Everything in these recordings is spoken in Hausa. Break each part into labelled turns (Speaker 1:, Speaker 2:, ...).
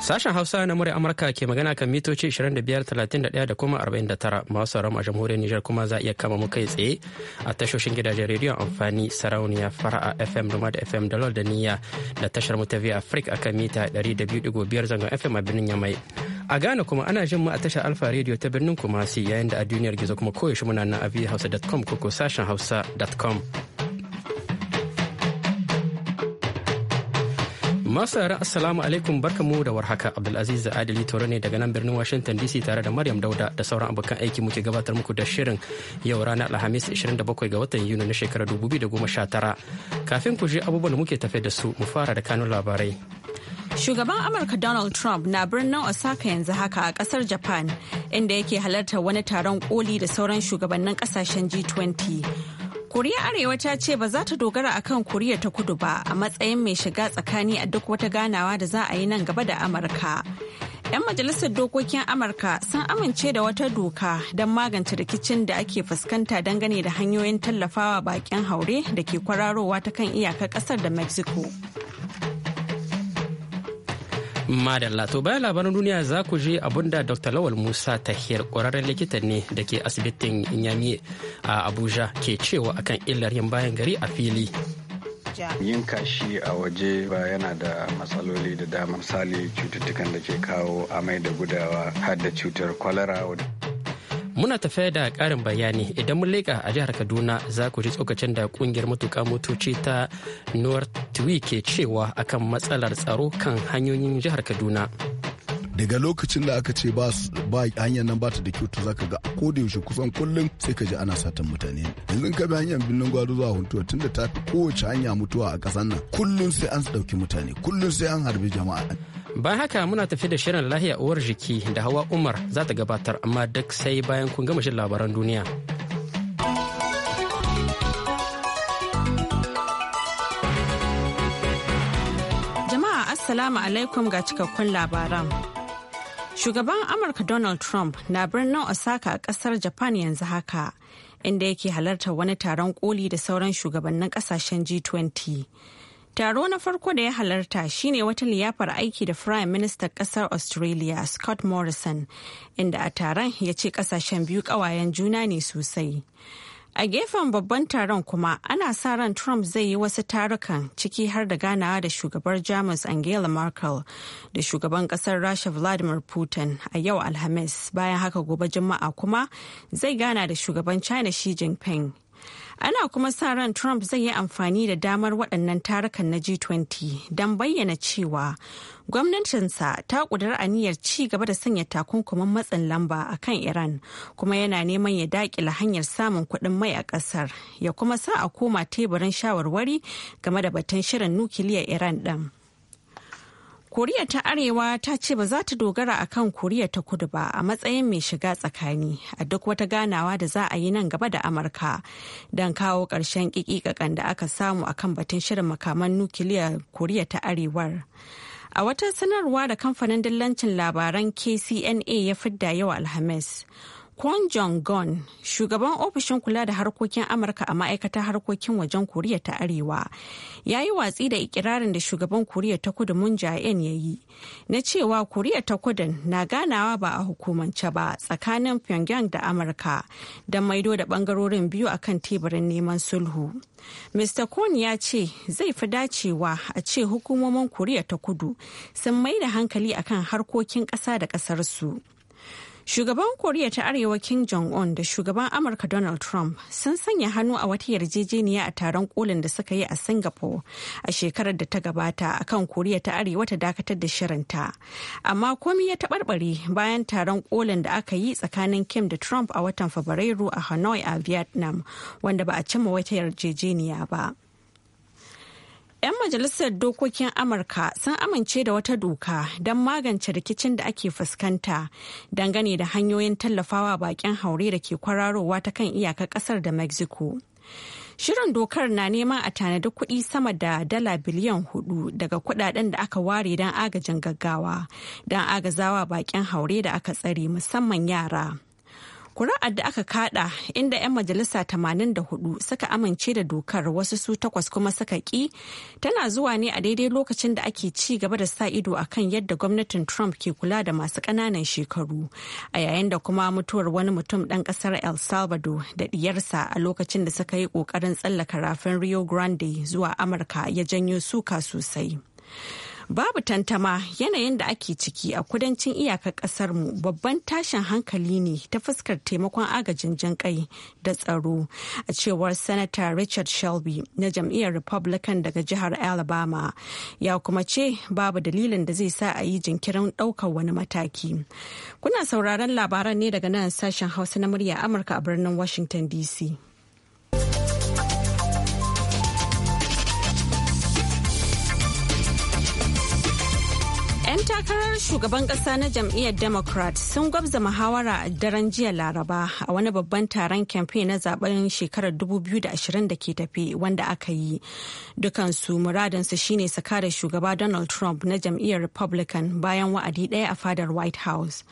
Speaker 1: Sashen Hausa na murya Amurka ke magana kan mitoci 2531 da kuma 49 masu sauran a jamhuriyar Nijar kuma za a iya kama mu kai tsaye a tashoshin gidajen rediyon amfani sarauniya fara'a FM da FM Dalol da Niyya da tashar mu ta Via Africa akan mita 200.5 zangon FM a birnin Yamai. A Ghana kuma ana jin mu a tashar Alfa Radio ta birnin Kumasi yayin da a duniyar gizo kuma koyaushe muna nan a vhausa.com ko sashen hausa.com. masu Masara assalamu alaikum barkamu da warhaka Abdulaziz Adili Toro ne daga nan birnin Washington DC tare da Maryam Dauda da sauran abokan aiki muke gabatar muku da shirin yau rana Alhamis 27 ga watan Yuni na shekarar 2019. Kafin ku ji abubuwan da muke tafe da su mu fara da kanun labarai.
Speaker 2: Shugaban Amurka Donald Trump na birnin Osaka yanzu haka a kasar Japan inda yake halartar wani taron koli da sauran shugabannin kasashen G20. Koriya Arewa ta ce ba za ta dogara akan Koriya ta kudu ba a matsayin mai shiga tsakani a duk wata ganawa da za a yi nan gaba da Amurka. 'Yan majalisar dokokin Amurka sun amince da wata doka don magance rikicin da ake fuskanta dangane da hanyoyin tallafawa bakin haure da ke kwararowa ta kan iyakar kasar da Mexico.
Speaker 1: Madalla to bayan labaran duniya za ku je abun da Dr. Lawal Musa Tahir ƙwararren likita ne da ke asibitin Inyami a Abuja ke cewa akan illar yin bayan gari a fili.
Speaker 3: Yin kashi a waje ba yana da matsaloli da dama misali cututtukan da ke kawo amai da gudawa har da cutar kwalara.
Speaker 1: Muna tafiya da ƙarin bayani idan mun leƙa a jihar Kaduna za ku ji tsokacin da kungiyar matuƙa motoci ta Northwi ke cewa akan matsalar tsaro kan hanyoyin jihar Kaduna.
Speaker 4: daga lokacin da aka ce ba hanyar nan bata da kyautu zaka ga ko da yaushe kusan kullum sai ka ji ana satan mutane yanzu ka bi hanyar birnin gwado zuwa huntuwa tunda ta fi kowace hanya mutuwa a ƙasar nan kullum sai an ɗauki mutane kullum sai an harbi jama'a
Speaker 1: Bayan haka muna tafi da shirin lahiya uwar jiki da hawa Umar za ta gabatar amma duk sai bayan kun gama shi labaran duniya.
Speaker 2: Jama'a Assalamu alaikum ga cikakkun labaran. Shugaban Amurka Donald Trump na birnin Osaka a kasar Japan yanzu haka, inda yake halartar wani taron koli da sauran shugabannin kasashen G20. Taro na farko da ya halarta shine wata liyafar aiki da Prime Minister kasar Australia Scott Morrison, inda a taron ya ce kasashen biyu kawayen juna ne sosai. A gefen babban taron kuma ana sa ran Trump zai yi wasu tarukan ciki har da ganawa da shugabar Jamus Angela Merkel da shugaban kasar Rasha Vladimir Putin a yau Alhamis bayan haka gobe Juma'a kuma zai gana da shugaban China Xi Jinping Ana kuma sa ran Trump zai yi amfani da damar waɗannan tarukan na G20 don bayyana cewa gwamnatinsa ta ƙudura niyyar ci gaba da sanya takunkumin matsin lamba a kan Iran kuma yana neman ya daƙila hanyar samun kuɗin mai a ƙasar ya kuma sa a koma teburin shawarwari game da batun shirin nukiliyar Iran ɗin. koriya ta arewa ta ce ba za ta dogara a kan koriya ta kudu ba a matsayin mai shiga tsakani a duk wata ganawa da za a yi nan gaba da amurka don kawo ƙarshen ƙiƙiƙaƙan da aka samu a kan batun shirin makaman nukiliya koriya ta arewar a wata sanarwa da kamfanin dillancin labaran kcna ya fidda yau alhamis Kwon Jong-gon, shugaban ofishin kula da harkokin Amurka a ma'aikatar harkokin wajen Koriya ta Arewa, ya yi watsi da ikirarin da shugaban Koriya ta Kudu Moon Jae-in ya yi, na cewa Koriya ta Kudu na ganawa ba a hukumance ba tsakanin Pyongyang da Amurka da maido da bangarorin biyu a kan teburin neman sulhu. Mr. Kwon ya ce zai fi dacewa a ce hukumomin Koriya ta Kudu sun mai da hankali akan harkokin ƙasa da ƙasarsu. su. Shugaban Koriya ta Arewa Kim Jong-un da shugaban Amurka Donald Trump sun sanya hannu a wata yarjejeniya a taron kolin da suka yi a Singapore a shekarar da ta gabata a kan Koriya ta Arewa ta dakatar da shirinta. Amma komi ya taɓarɓare bayan taron kolin da aka yi tsakanin Kim da Trump a watan Fabrairu a Hanoi a Vietnam wanda ba a cimma wata yarjejeniya ba. 'Yan majalisar dokokin Amurka sun amince da wata doka don magance rikicin da ake fuskanta dangane da hanyoyin tallafawa bakin haure da ke kwararowa ta kan iyakar kasar da Mexico. Shirin dokar na neman a tanadi kuɗi sama da dala biliyan hudu daga kuɗaɗen da aka ware don agajin gaggawa don agazawa bakin haure da aka tsare musamman yara. Kuri'ar da aka kada inda 'yan majalisa 84 suka amince da dokar wasu su takwas kuma suka ki tana zuwa ne a daidai lokacin da ake ci gaba da sa ido a kan yadda gwamnatin Trump ke kula da masu ƙananan shekaru a yayin da kuma mutuwar wani mutum ɗan ƙasar El Salvador da ɗiyarsa a lokacin da suka yi ƙoƙarin tsallaka rafin Rio Grande zuwa Amurka ya janyo suka sosai. Babu tantama yanayin da ake ciki a kudancin iyakar ƙasarmu babban tashin hankali ne ta fuskar taimakon agajin jinƙai da tsaro a cewar Sanata Richard Shelby na jam'iyyar Republican daga jihar Alabama ya kuma ce babu dalilin da zai sa a yi jinkirin ɗaukar wani mataki. Kuna sauraron labaran ne daga nan sashen Hausa na murya Amurka a birnin Washington DC. takarar shugaban kasa na jam'iyyar Democrat sun gwabza muhawara a daren jiya Laraba a wani babban taron kamfe na zaben shekarar 2020 da ke tafi wanda aka yi. Dukansu muradinsu shine su kare shugaba Donald Trump na jam'iyyar Republican bayan wa'adi ɗaya a fadar White House.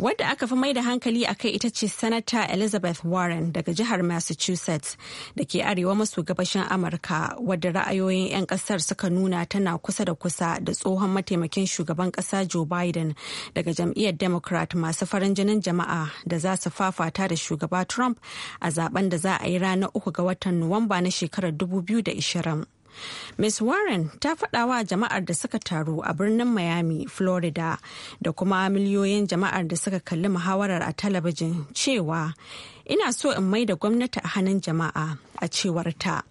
Speaker 2: Wadda aka fi mai da hankali a kai ita ce Sanata Elizabeth Warren daga jihar Massachusetts da ke arewa maso gabashin Amurka wadda ra'ayoyin 'yan kasar suka nuna tana kusa da kusa da tsohon mataimakin shugaban kasa Joe Biden daga jam'iyyar Democrat masu farin jinin jama'a da za su fafata da shugaba Trump a zaben da za a yi ranar uku ga watan Nuwamba na shekarar 2020. Ms. Warren ta faɗa wa jama'ar da suka taru a birnin Miami, Florida, da kuma miliyoyin jama'ar da suka kalli muhawarar a talabijin cewa, "Ina so in mai da gwamnati a hannun jama'a," a cewar ta.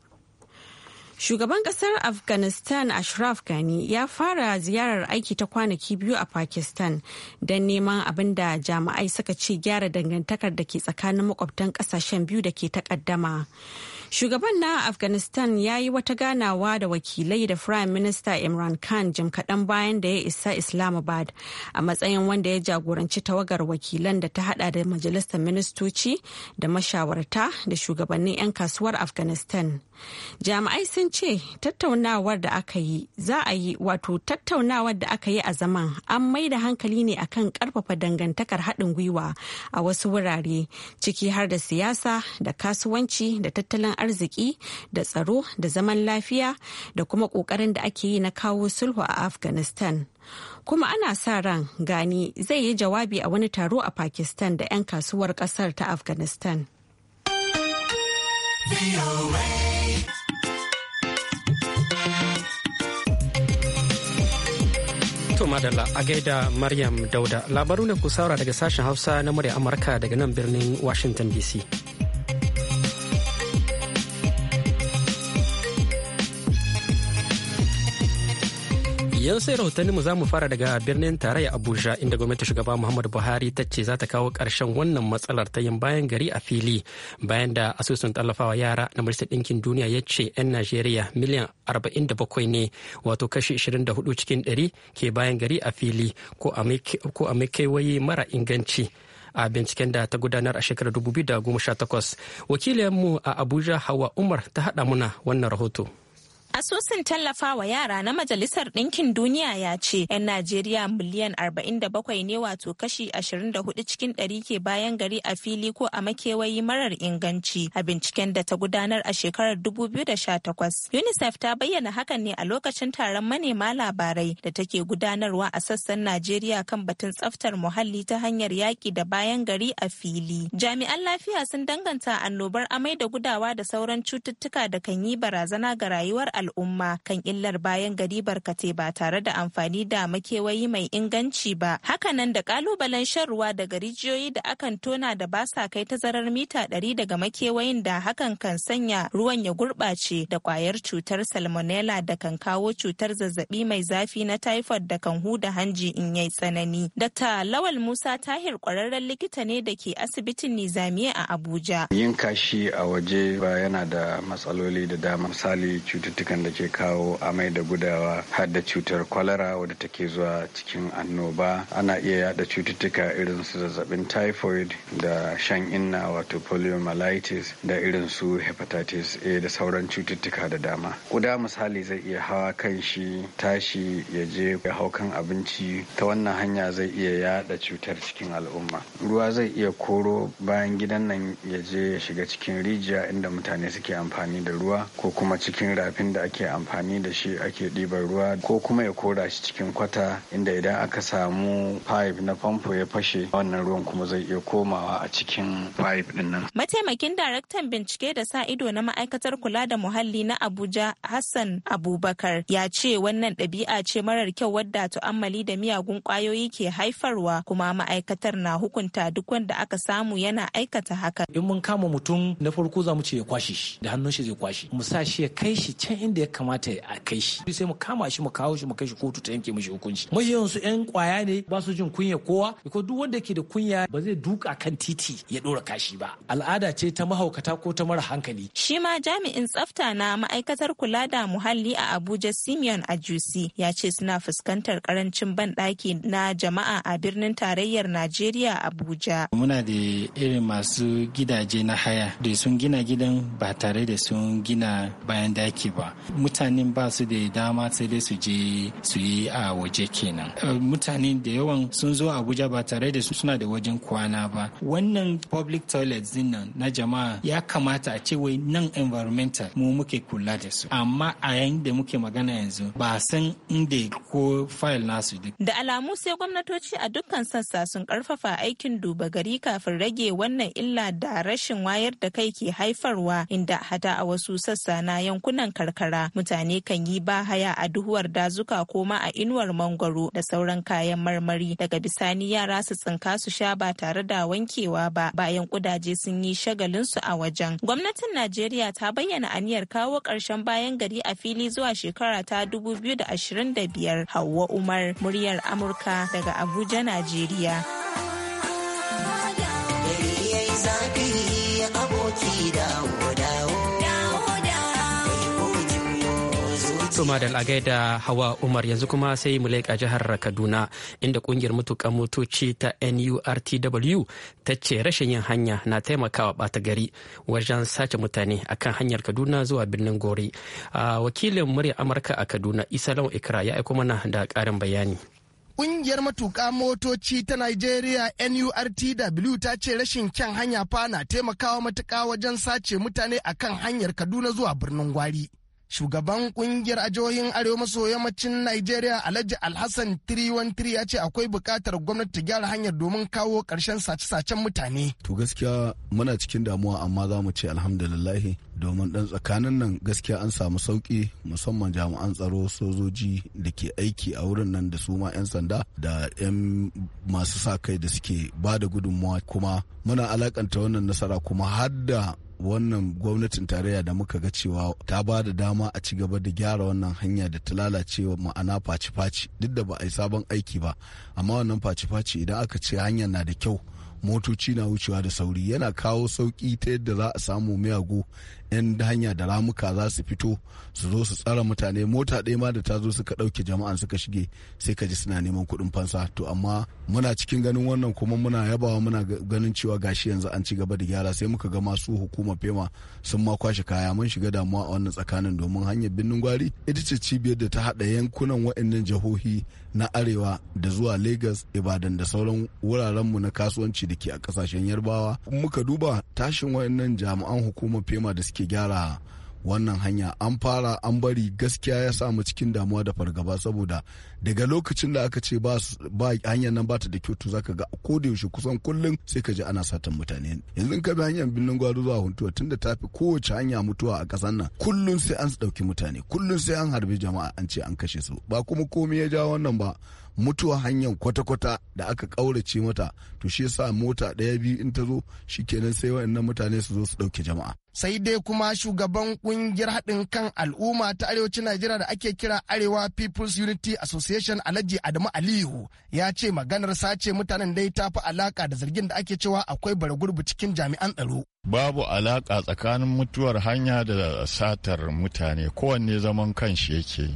Speaker 2: Shugaban kasar Afghanistan Ashraf Ghani ya fara ziyarar aiki ta kwanaki biyu a Pakistan don neman abin da jami'ai suka ce gyara dangantakar da ke tsakanin makwabtan kasashen biyu da ke takaddama. Shugaban na Afghanistan ya yi wata ganawa da wakilai da Prime Minister Imran Khan jim kaɗan bayan da ya isa Islamabad a matsayin wanda ya jagoranci tawagar wakilan da ta hada da majalisar ministoci da mashawarta da shugabannin 'yan kasuwar Afghanistan. Jami'ai sun ce tattaunawar da aka yi za a yi wato tattaunawar da aka yi a zaman an mai da hankali ne akan karfafa dangantakar haɗin gwiwa a wasu wurare ciki har da siyasa da kasuwanci da tattalin arziki da tsaro da zaman lafiya da kuma ƙoƙarin da ake yi na kawo sulhu a afghanistan kuma ana sa ran gani zai yi jawabi a wani taro a pakistan da 'yan kasuwar ƙasar ta afghanistan
Speaker 1: Madalla a gaida Maryam Dauda labaru ne ku saura daga sashen Hausa na murya Amurka daga nan birnin Washington DC. Yau sai rahotanni mu za mu fara daga birnin tarayya Abuja inda gwamnati shugaba muhammad Buhari ta ce za ta kawo karshen wannan matsalar ta yin bayan gari a fili bayan da asusun tallafawa yara na Majalisar Ɗinkin Duniya ya ce 'yan Najeriya miliyan 47 ne wato kashi 24 cikin 100 ke bayan gari a fili ko a mai mara inganci. a binciken da ta gudanar a shekarar 2018 wakilinmu a abuja hawa umar ta haɗa muna wannan rahoto
Speaker 5: Asusun tallafawa yara na Majalisar Ɗinkin Duniya ya ce, 'yan Najeriya miliyan 47 ne wato kashi 24 cikin 100 ke bayan gari a fili ko a makewayi marar inganci a binciken da ta gudanar a shekarar 2018. UNICEF ta bayyana hakan ne a lokacin taron manema labarai da take gudanarwa a sassan Najeriya kan batun tsaftar muhalli ta hanyar yaƙi da bayan gari a fili. Jami'an lafiya sun danganta annobar amai da gudawa da sauran cututtuka da kan yi barazana ga rayuwar al'umma kan illar bayan gari barkate ba tare da amfani da makewayi mai inganci ba. Hakanan da kalubalen shan ruwa daga rijiyoyi da akan tona da ba sa kai tazarar mita ɗari daga makewayin da hakan kan sanya ruwan ya gurɓace da kwayar cutar salmonella da kan kawo cutar zazzabi mai zafi na typhoid da kan huda hanji in yai tsanani. Dr. Lawal Musa Tahir kwararren likita ne da ke asibitin Nizamiya a Abuja.
Speaker 3: Yin kashi a waje ba yana da matsaloli da dama misali cututtuka cututtukan da ke kawo amai da gudawa har da cutar kwalara wadda take zuwa cikin annoba ana iya yada cututtuka irin su zazzabin typhoid da shan inna wato poliomyelitis da irin su hepatitis A da sauran cututtuka da dama kuda misali zai iya hawa kan shi tashi ya je ya hau kan abinci ta wannan hanya zai iya yada cutar cikin al'umma ruwa zai iya koro bayan gidan nan ya je ya shiga cikin rijiya inda mutane suke amfani da ruwa ko kuma cikin rafin da da ake amfani da shi ake ɗibar ruwa ko kuma ya kora shi cikin kwata inda idan aka samu pipe na famfo ya fashe wannan ruwan kuma zai iya komawa a cikin
Speaker 6: pipe din nan.
Speaker 5: Mataimakin daraktan bincike da sa ido na ma'aikatar kula da muhalli na Abuja Hassan Abubakar ya ce wannan ɗabi'a ce marar kyau wadda tu'ammali da miyagun ƙwayoyi ke haifarwa kuma ma'aikatar na hukunta duk wanda aka samu yana
Speaker 1: aikata haka. In mun kama mutum na farko za mu ce ya kwashe shi da hannun shi zai kwashe mu sa shi ya kai shi can inda ya kamata a kai shi sai mu kama shi mu kawo shi mu kai shi kotu ta yanke mishi hukunci majiyan su yan kwaya ne ba su jin kunya kowa ko duk wanda ke da kunya ba zai duka kan titi ya dora kashi ba al'ada ce ta mahaukata ko ta mara hankali
Speaker 5: shi ma jami'in tsafta na ma'aikatar kula da muhalli a Abuja Simeon Ajusi ya ce suna fuskantar karancin banɗaki na jama'a a birnin tarayyar Najeriya Abuja
Speaker 1: muna da irin masu gidaje na haya da sun gina gidan ba tare da sun gina bayan daki ba mutanen ba su da dama sai dai su je su yi a waje kenan eh, mutane da yawan sun zo abuja ba tare da su suna da wajen kwana ba wannan public toilet dinnan na jama'a ya kamata a ce wai nan environmental mu muke kula da su amma a yayin da muke magana yanzu ba san inda ko file nasu duk
Speaker 5: da alamu sai gwamnatoci a dukkan sassa sun karfafa aikin duba gari kafin rage wannan illa da rashin wayar da kai ke haifarwa inda hata a wasu sassa na yankunan karkara karkara mutane kan yi bahaya a duhuwar dazuka ko ma a inuwar mangwaro da sauran kayan marmari daga bisani yara su tsinka su sha ba tare da wankewa ba bayan kudaje sun yi shagalin su a wajen gwamnatin najeriya ta bayyana aniyar kawo ƙarshen bayan gari a fili zuwa shekara ta 2025 Hauwa umar muryar amurka daga abuja najeriya
Speaker 7: aboki
Speaker 1: To madal a gaida Hawa Umar yanzu kuma sai mu leƙa jihar Kaduna inda kungiyar mutukan motoci ta NURTW ta ce rashin yin hanya na taimakawa bata gari wajen sace mutane akan hanyar Kaduna zuwa birnin Gori. Wakilin murya Amurka a Kaduna Isa Lawan Ikra ya aiko mana da ƙarin bayani.
Speaker 6: Ƙungiyar matuƙa motoci ta Najeriya NURTW ta ce rashin kyan hanya fa na taimakawa matuƙa wajen sace mutane akan hanyar Kaduna zuwa birnin Gwari. shugaban kungiyar ajiyoyin arewa maso yammacin Najeriya Alhaji Alhassan 313 ya ce akwai bukatar gwamnati ta gyara hanyar domin kawo karshen sace-sacen mutane.
Speaker 4: To gaskiya muna cikin damuwa amma za mu ce alhamdulillahi domin ɗan tsakanin nan gaskiya an samu sauki musamman jami'an tsaro sojoji da ke aiki a wurin nan da su ma 'yan sanda da 'yan masu sa kai da suke ba da gudunmawa kuma muna alakanta wannan nasara kuma har da wannan gwamnatin tarayya da muka ga cewa ta ba da dama a ci gaba da gyara wannan hanya da ta lalace ma'ana faci-faci duk da ba a yi sabon aiki ba amma wannan faci-faci idan aka ce hanyar na da kyau motoci na wucewa da sauri yana kawo sauki ta yadda za a samu miyagu 'yan hanya da ramuka za su fito su zo su tsara mutane mota ɗaya ma da ta zo suka ɗauke jama'an suka shige sai ka ji suna neman kuɗin fansa to amma muna cikin ganin wannan kuma muna yabawa muna ganin cewa gashi yanzu an ci gaba da gyara sai muka ga masu hukumar fema sun ma kwashe kaya mun shiga damuwa a wannan tsakanin domin hanyar birnin gwari ita ce cibiyar da ta haɗa yankunan waɗannan jihohi na arewa da zuwa lagos ibadan da sauran wurarenmu na kasuwanci da ke a kasashen yarbawa muka duba tashin wayannan jami'an hukumar fema da suke gyara wannan hanya an fara an bari gaskiya ya sa mu cikin damuwa da fargaba saboda daga lokacin da aka ce ba hanyar nan bata da kyau to zaka ga ko da yaushe kusan kullum sai ka ji ana satan mutane yanzu ka bi hanyar binnin gwado zuwa huntuwa tunda ta fi kowace hanya mutuwa a kasan nan kullum sai an ɗauki mutane kullum sai an harbi jama'a an ce an kashe su ba kuma komai ya jawo wannan ba mutuwa hanyar kwata-kwata da aka ƙaurace mata to shi yasa mota ɗaya biyu in ta zo shikenan sai wa'annan mutane su zo su ɗauke jama'a
Speaker 6: sai dai kuma shugaban kungiyar haɗin kan al'umma ta arewacin najeriya da ake kira arewa people's unity association association alhaji adamu aliyu ya ce maganar sace mutanen dai ta fi alaka da zargin da ake cewa akwai baragurbi cikin jami'an tsaro
Speaker 7: babu alaka tsakanin mutuwar hanya da satar mutane kowanne zaman kanshi yake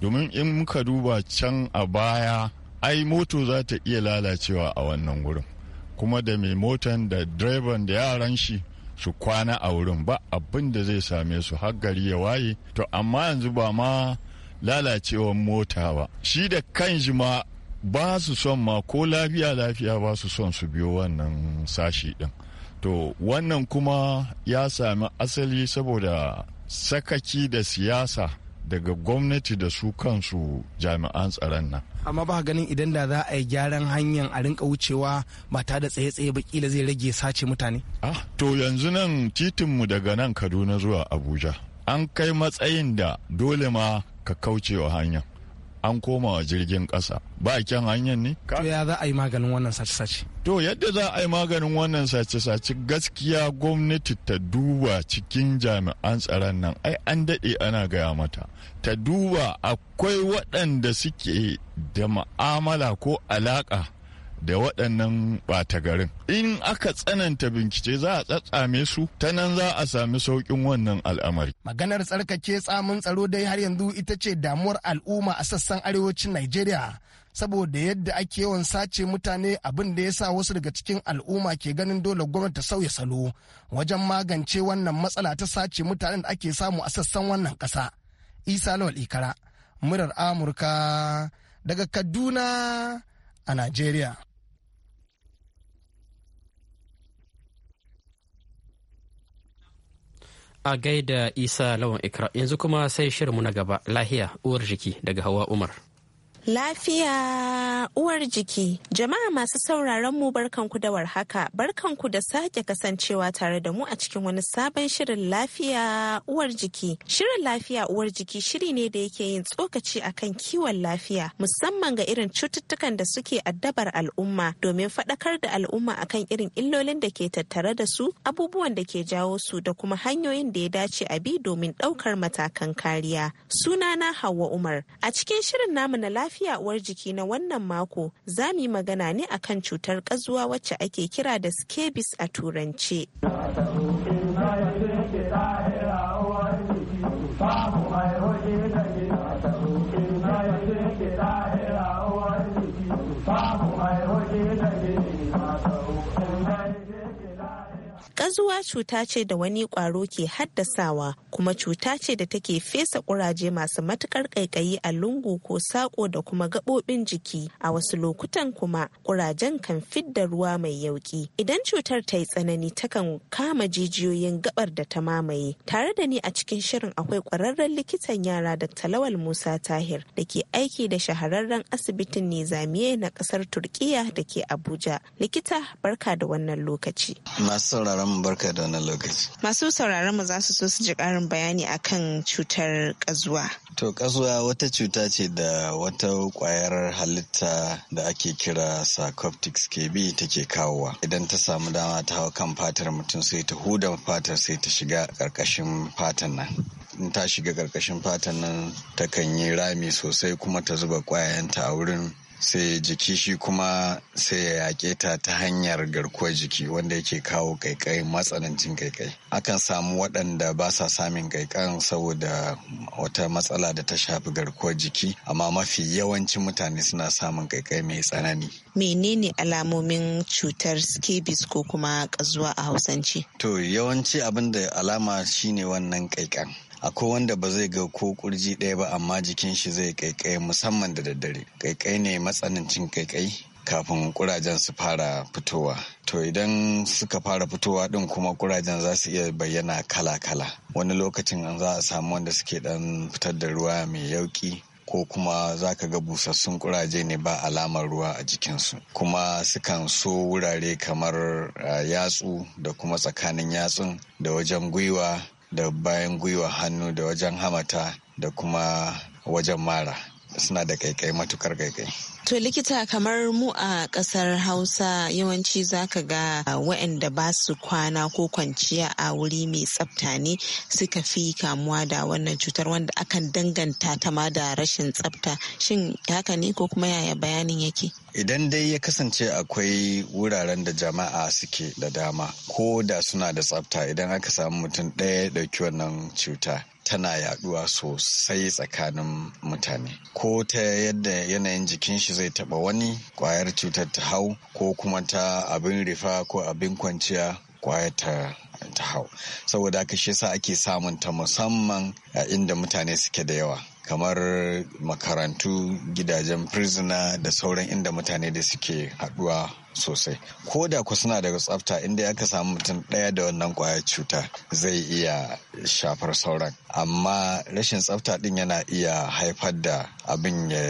Speaker 7: domin in muka duba can a baya ai moto za ta iya lalacewa a wannan wurin kuma da mai motan da direban da yaran shi su kwana a wurin ba abin da zai same su har gari ya waye to amma yanzu ba ma lalacewan mota ba shi da kanshi ma ba su son ma ko lafiya lafiya ba su son su biyo wannan sashi din to wannan kuma ya sami asali saboda sakaki da siyasa daga gwamnati da su kansu jami'an tsaron nan
Speaker 6: amma ba ganin idan da za a yi gyaran hanyar a rinka wucewa ba ta da tsaye-tsaye ba kila zai rage sace mutane
Speaker 7: ah to yanzu nan titinmu daga nan kaduna zuwa abuja an kai matsayin da dole ma ka kaucewa hanya an koma jirgin ƙasa ba kyan
Speaker 6: hanyar ne to ya za a yi maganin wannan sace-sace
Speaker 7: to yadda za a yi maganin wannan sace-sace gaskiya gwamnati ta duba cikin jami'an tsaron nan ai an daɗe ana gaya mata ta duba akwai waɗanda suke da ma'amala ko alaƙa da waɗannan ɓata garin in aka tsananta bincike za a tsatsame su ta nan za a sami sauƙin wannan al'amari
Speaker 6: maganar tsarkake tsamin tsaro dai har yanzu ita ce damuwar al'umma a sassan arewacin najeriya saboda yadda ake yawan sace mutane abin da ya sa wasu daga cikin al'umma ke ganin dole gwamnati sauya salo wajen magance wannan matsala ta sace mutanen da ake samu a sassan wannan ƙasa. isa lawal ikara murar amurka daga kaduna a najeriya
Speaker 1: a gaida isa lawan ikra yanzu kuma sai shirinmu na gaba lahiya uwar jiki daga hawa umar
Speaker 5: Lafiya uwar jiki. Jama'a masu sauraron mu barkanku da warhaka. Barkanku da sake kasancewa tare da mu a cikin wani sabon shirin lafiya uwar jiki. Shirin lafiya uwar jiki shiri ne da yake yin tsokaci akan kiwon lafiya musamman ga irin cututtukan da suke addabar al'umma domin faɗakar da al'umma akan irin illolin da ke tattare da su, abubuwan da ke jawo su da kuma hanyoyin da ya dace a bi domin ɗaukar matakan kariya. Sunana Hauwa Umar. A cikin shirin namu na lafiya lafiya uwar jiki na wannan mako za mu yi magana ne akan cutar ƙazuwa wacce ake kira da scabies a turance. Ƙazuwa cuta ce da wani ƙwaro ke haddasawa kuma cuta ce da take fesa ƙuraje masu matuƙar ƙaiƙayi a lungu ko saƙo da kuma gaɓoɓin jiki. A wasu lokutan kuma ƙurajen kan fidda ruwa mai yauƙi. Idan cutar ta yi tsanani takan kama jijiyoyin gaɓar da ta mamaye. Tare da ni a cikin shirin akwai ƙwararren likitan yara da Talawal Musa Tahir da ke aiki da shahararren asibitin Nizamiye na ƙasar Turkiya da ke Abuja. Likita barka da wannan lokaci.
Speaker 3: Maman barka da wannan lokaci.
Speaker 5: Masu sauraron mu za su so su ji ƙarin bayani akan cutar ƙazuwa.
Speaker 3: To ƙazuwa wata cuta ce da wata ƙwayar halitta da ake kira sarcoptics bi take kawowa. Idan ta samu dama ta hau kan fatar mutum sai ta huda fatar sai ta shiga ƙarƙashin fatan nan. in ta shiga ƙarƙashin fatan nan ta kan yi rami sosai kuma ta zuba ƙwayayenta a wurin sai jiki shi kuma sai ya yaƙe ta ta hanyar garkuwar jiki wanda yake kawo kaikai matsanancin ƙaiƙai, akan samu waɗanda ba sa samun kaikan saboda wata matsala da ta shafi garkuwar jiki amma mafi yawancin mutane suna samun kaikai mai
Speaker 5: tsanani menene alamomin cutar scabies ko kuma kazuwa a hausance
Speaker 3: to yawanci abin da alama shine wannan ƙaiƙan. akwai wanda ba zai ga ko kurji ɗaya ba amma jikin shi zai kaikai musamman da daddare kaikai ne matsanancin kaikai kafin kurajen su fara fitowa to idan suka fara fitowa din kuma kurajen za su iya bayyana kala-kala wani lokacin an za a samu wanda suke dan fitar da ruwa mai yauki ko kuma za ka ga busassun kuraje ne ba alamar ruwa a jikinsu kuma sukan so wurare kamar ah, yatsu da kuma tsakanin yatsun da wajen gwiwa da bayan gwiwa hannu da wajen hamata da kuma wajen mara suna da kaikai matukar kaikai
Speaker 5: To likita kamar mu a ƙasar Hausa yawanci zaka ga ah, waɗanda ba su kwana ko kwanciya a wuri mai tsafta ne suka fi kamuwa da wannan cutar wanda akan danganta ta ma da rashin tsafta. Shin haka ne ko kuma yaya bayanin yake?
Speaker 3: Idan dai ya kasance akwai wuraren da jama'a suke da dama ko da suna da tsafta idan aka samu mutum ɗaya ya ɗauki wannan cuta tana yaduwa sosai tsakanin mutane ko ta yadda yanayin jikin shi zai taba wani kwayar cutar ta hau ko kuma ta abin rifa ko abin kwanciya kwayar ta ta hau saboda haka shi yasa ake samun ta musamman a inda mutane suke da yawa kamar makarantu gidajen prisoner da sauran inda mutane da suke haduwa sosai ko da ku suna daga tsafta inda aka samu mutum ɗaya da wannan kwaya cuta zai iya shafar sauran amma rashin tsafta ɗin yana iya haifar da abin ya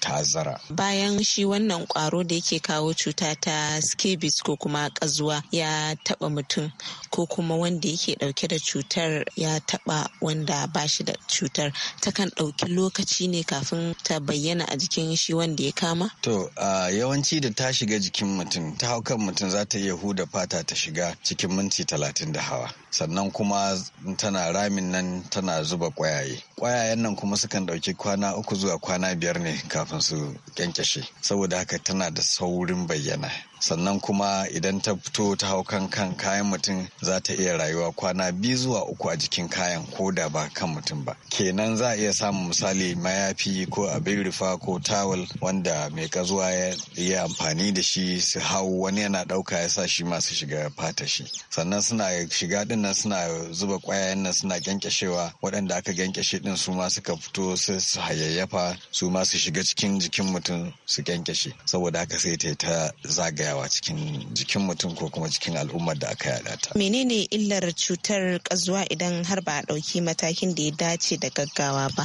Speaker 3: ta'azzara
Speaker 5: bayan shi wannan kwaro da yake kawo cuta ta scabies ko kuma kazuwa ya taba mutum ko kuma wanda yake ɗauke da cutar ya taba wanda ba shi da cutar takan ɗauki lokaci ne kafin ta bayyana a jikin shi wanda ya kama
Speaker 3: to yawanci da ta shiga jikin mutum ta hau kan mutum za ta iya huda fata ta shiga cikin minti talatin da hawa sannan kuma tana ramin nan tana zuba kwayaye kwayayen nan kuma sukan ɗauki kwana uku zuwa kwana biyar ne kafin su kyankyashe saboda haka tana da saurin bayyana sannan kuma idan ta fito ta hau kan kan kayan mutum za ta iya rayuwa kwana biyu zuwa uku a jikin kayan ko da ba kan mutum ba kenan za a iya samun misali mayafi ko abin rufa ko tawul wanda mai kazuwa ya yi amfani da shi su hau wani yana ɗauka ya sa shi masu shiga fata shi sannan suna shiga ɗin nan suna zuba kwayayen nan suna gyankyashewa waɗanda aka kyankyashe din su ma suka fito su hayayyafa su ma su shiga cikin jikin mutum su gyankyashe saboda haka sai ta ta zagayawa cikin jikin mutum ko kuma cikin al'ummar da aka yada ta.
Speaker 5: Menene illar cutar kazuwa idan har ba a ɗauki matakin da ya dace da gaggawa ba?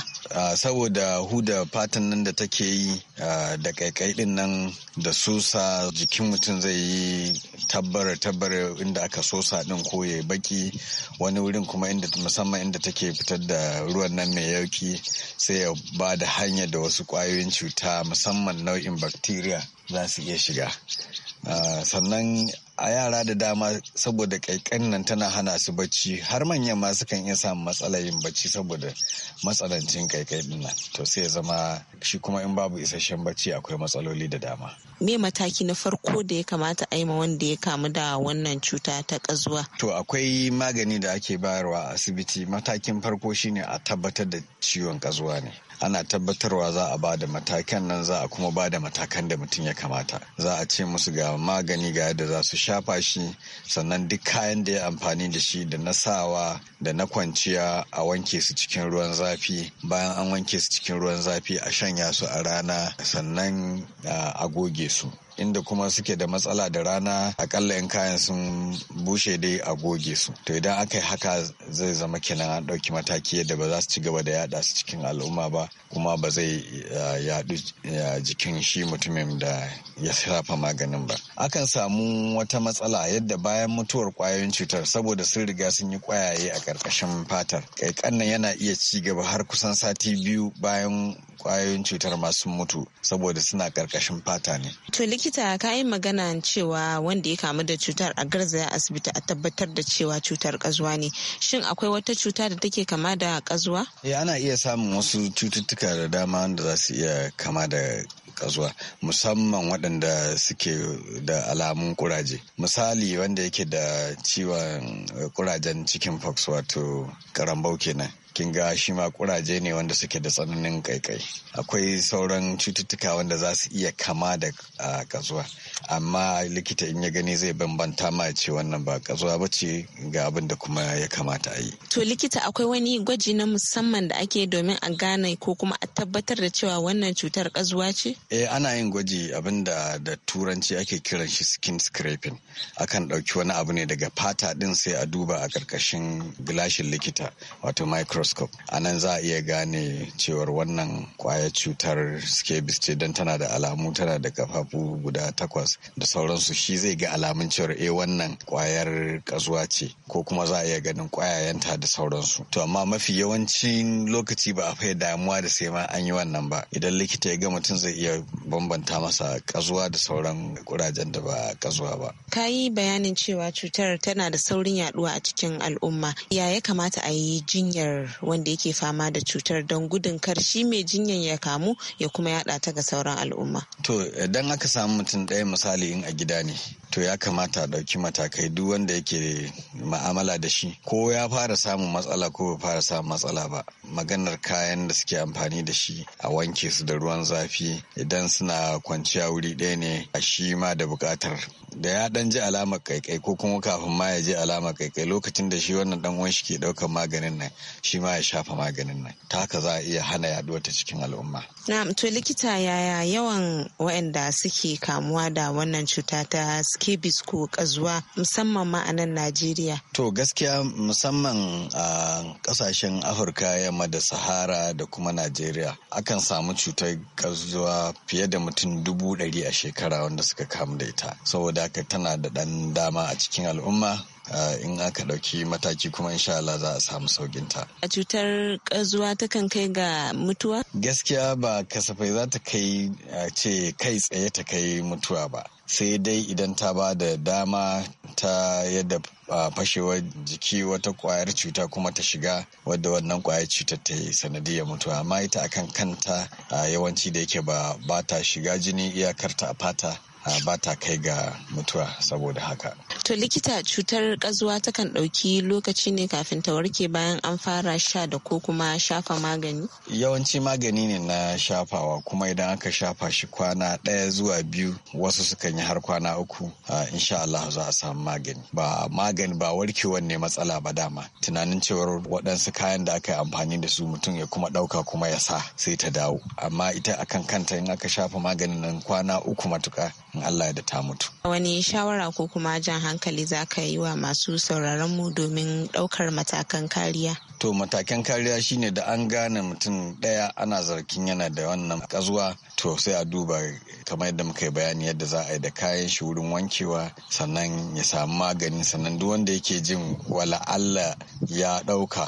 Speaker 3: saboda huda fatan nan da take yi da kaikai din nan da sosa jikin mutum zai yi tabbara tabbara inda aka sosa din ko ya baki wani wurin kuma inda musamman inda take fitar da ruwan nan mai yauki sai ya ba da hanya da wasu kwayoyin cuta musamman nau'in bacteria za su iya shiga ah, sannan a yara da dama saboda kaikan nan tana hana su bacci har manyan ma sukan iya samun matsala yin bacci saboda matsalancin kaikai din nan to sai ya zama shi kuma in babu isasshen bacci akwai matsaloli da dama
Speaker 5: me mataki na farko da ya kamata a yi ma wanda ya kamu da wannan cuta ta kazuwa
Speaker 3: to akwai magani da ake bayarwa a asibiti matakin farko shine a tabbatar da ciwon kazuwa ne ana tabbatarwa za a bada matakan nan za a kuma bada matakan da mutum ya kamata za a ce musu ga magani ga yadda za su shafa shi sannan duk kayan da ya amfani da shi da na sawa da na kwanciya a wanke su cikin ruwan zafi bayan an wanke su cikin ruwan zafi a shanya su a rana sannan a goge su inda kuma suke da matsala da rana akalla in kayan sun bushe dai a goge su to idan aka yi haka zai zama kenan an ɗauki mataki yadda ba za su ci gaba da yada su cikin al'umma ba kuma ba zai yadu jikin shi mutumin da ya sarrafa maganin ba akan samu wata matsala yadda bayan mutuwar kwayoyin cutar saboda sun riga sun yi kwayaye a ƙarƙashin fatar ƙaiƙan nan yana iya ci gaba har kusan sati biyu bayan kwayoyin cutar masu mutu saboda suna ƙarƙashin fata ne
Speaker 5: likita ka yi magana cewa wanda ya kamu da cutar a garzaya asibiti a tabbatar da cewa cutar kazuwa ne shin akwai wata cuta da take kama da kazuwa
Speaker 3: eh ana iya samun wasu cututtuka da dama wanda za su iya kama da kazuwa musamman waɗanda suke da alamun kuraje misali wanda yake da ciwon kurajen eh, chicken pox wato karambau kenan kin ga shi ma kuraje ne wanda suke da tsananin kaikai akwai sauran cututtuka wanda za su iya kama da kazuwa amma likita in ya gani zai bambanta ma ce wannan ba kazuwa ba ce ga abin da kuma ya kamata a yi
Speaker 5: to likita akwai wani gwaji na musamman da ake domin a gane ko kuma a tabbatar da cewa wannan cutar kazuwa ce
Speaker 3: eh ana yin gwaji abin da da turanci ake kiran shi skin scraping akan ɗauki wani abu ne daga fata din sai a duba a karkashin gilashin likita wato micro microscope a nan za a iya gane cewar wannan kwaya cutar scabies ce don tana da alamu tana da kafafu guda takwas da sauransu shi zai ga alamun cewar A eh, wannan kwayar kazuwa ce ko kuma za a iya ganin kwayayenta da sauransu to amma mafi yawancin lokaci ba a fai damuwa da sai ma an yi wannan ba idan likita ya ga mutum zai iya bambanta masa kazuwa da sauran kurajen da ba kazuwa ba
Speaker 5: ka yi bayanin cewa cutar tana da saurin yaduwa a cikin al'umma ya ya kamata a yi jinyar wanda yake fama da cutar don gudun kar shi mai jinyan ya kamu ya kuma yaɗa ta ga sauran al'umma.
Speaker 3: To idan aka samu mutum ɗaya misali in a gida ne to ya kamata a ɗauki matakai duk wanda yake ma'amala da shi ko ya fara samun matsala ko bai fara samun matsala ba maganar kayan da suke amfani da shi a wanke su da ruwan zafi idan suna kwanciya wuri ɗaya ne a shi ma da buƙatar da ya dan ji alamar kaikai ko kuma kafin ma ya ji alamar kaikai lokacin da shi wannan dan uwan shi ke daukar maganin nan shi ma ya shafa maganin nan ta haka za a iya hana yaduwar ta cikin al'umma
Speaker 5: na'am to likita yaya yawan waɗanda suke kamuwa da wannan cuta ta scabies ko kazuwa musamman ma a nan Najeriya
Speaker 3: to gaskiya musamman a kasashen Afirka yamma da Sahara da kuma Najeriya akan samu cutar kazuwa fiye da mutum dubu ɗari a shekara wanda suka kamu da ita saboda aka tana da ɗan dama a cikin al'umma eh, in aka ɗauki mataki kuma insha Allah za a samu ta.
Speaker 5: A cutar ƙazuwa takan kai ga mutuwa?
Speaker 3: Gaskiya ba kasafai za ta kai ce kai tsaye ta kai mutuwa ba. Sai dai idan ta ba da dama ta yadda fashewar jiki wata kwayar cuta kuma ta shiga wadda wannan kwayar cutar ta yi sanadiyar mutuwa amma ita akan kanta yawanci da yake ba ta shiga jini iyakarta a fata Ah, ba ta kai ga mutuwa saboda haka
Speaker 5: To likita cutar ƙazuwa takan ɗauki lokaci ne kafin ta warke bayan an fara sha da ko kuma shafa magani?
Speaker 3: Yawanci magani ne na shafawa kuma idan aka shafa shi kwana ɗaya zuwa biyu wasu sukan yi har kwana uku insha Allah za a samu magani. Ba magani ba warkewar ne matsala ba dama tunanin cewar waɗansu kayan da aka yi amfani da su mutum ya kuma ɗauka kuma ya sa sai ta dawo amma ita akan kanta in aka shafa maganin nan kwana uku matuka in Allah ya da ta mutu.
Speaker 5: Wani shawara ko kuma jan hankali za ka yi wa masu sauraron mu domin ɗaukar matakan kariya?
Speaker 3: To matakan kariya shine da an gane mutum ɗaya ana zargin yana da wannan kazuwa to sai a duba kamar yadda muka yi bayani yadda za a yi da kayan shi wurin wankewa sannan ya samu magani sannan duk wanda yake jin wala Allah ya ɗauka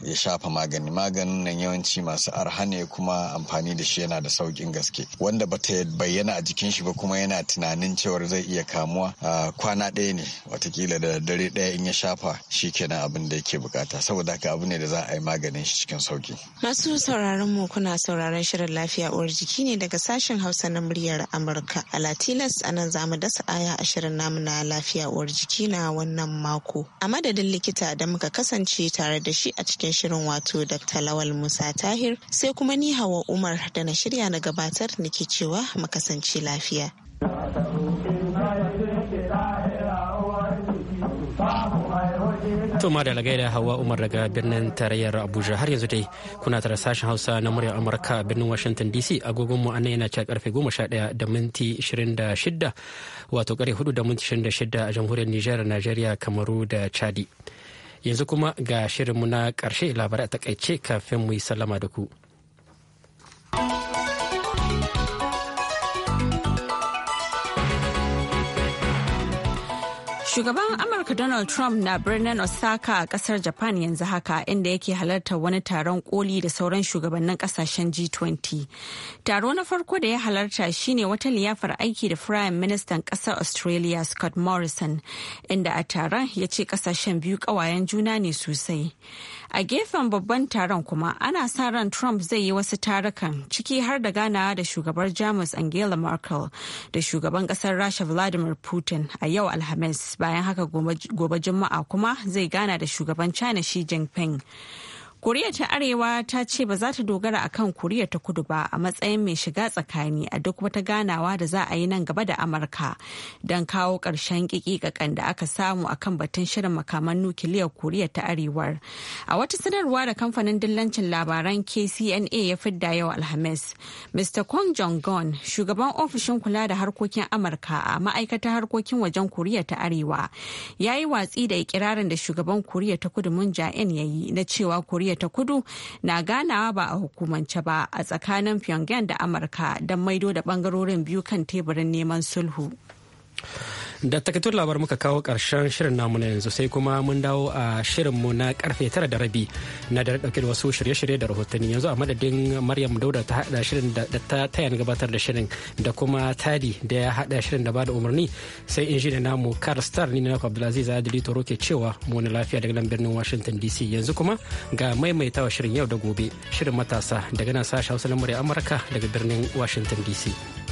Speaker 3: ya shafa magani maganin nan yawanci masu arha ne kuma amfani da shi yana da saukin gaske wanda bata bayyana a jikin shi ba kuma yana tunanin cewar zai iya kamuwa kwana ɗaya ne watakila da dare ɗaya in ya shafa shi kenan abin da yake bukata saboda haka abu ne da za a yi maganin shi cikin sauki
Speaker 5: masu sauraron mu kuna sauraron shirin lafiya uwar jiki ne daga sashen hausa na muryar amurka a latilas a nan za dasa aya a shirin namu na lafiya uwar jiki na wannan mako a madadin likita da muka kasance tare da shi a cikin cikin shirin wato Dr. Lawal Musa Tahir sai kuma ni Hawa Umar da na shirya na gabatar nake cewa makasance lafiya.
Speaker 1: To ma da da Hawa Umar daga birnin tarayyar Abuja har yanzu dai kuna tara sashen Hausa na muryar Amurka birnin Washington DC agogon mu anan yana cewa karfe 11 da minti 26 wato kare 4 da minti 26 a jamhuriyar Nijar, Najeriya, Kamaru da Chadi. yanzu kuma ga shirinmu na ƙarshe labarai a takaice kafin mu yi sallama da ku.
Speaker 2: Shugaban Amurka Donald Trump na birnin Osaka a kasar Japan yanzu haka inda yake halartar wani taron koli da sauran shugabannin kasashen G20. Taro na farko da ya halarta shine wata liyafar aiki da Prime ministan kasar Australia Scott Morrison inda a taron ya ce kasashen biyu kawayen juna ne sosai. A gefen babban taron kuma ana sa ran Trump zai yi wasu tarukan ciki har da ganawa da shugabar Jamus Angela Merkel da shugaban kasar Rasha Vladimir Putin a yau Alhamis bayan haka gobe Juma'a kuma zai gana da shugaban China Xi Jinping. koriya ta arewa ta ce ba za ta dogara a kan koriya ta kudu ba a matsayin mai shiga tsakani a duk wata ganawa da za a yi nan gaba da amurka don kawo ƙarshen ƙiƙiƙaƙan da aka samu akan batun shirin makaman nukiliyar koriya ta arewar a wata sanarwa da kamfanin dillancin labaran kcna ya fidda yau alhamis mr kwon jong un shugaban ofishin kula da harkokin amurka a ma'aikatar harkokin wajen koriya ta arewa ya yi watsi da ikirarin da shugaban koriya ta kudu mun ya yi na cewa koriya ta kudu na ganawa ba a hukumance ba a tsakanin pyongyang da amurka don maido da bangarorin biyu kan teburin neman sulhu.
Speaker 1: da takaitun labar muka kawo karshen shirin namu na yanzu sai kuma mun dawo a shirinmu na karfe tara da rabi na da dauke da wasu shirye-shirye da rahotanni yanzu a madadin maryam dauda ta hada shirin da ta tayan gabatar da shirin da kuma tadi da ya hada shirin da bada umarni sai injiniya namu kar star ni na abdulaziz adili toro ke cewa mu na lafiya daga nan birnin washington dc yanzu kuma ga maimaitawa shirin yau da gobe shirin matasa daga nan sashen hausa na amurka daga birnin washington dc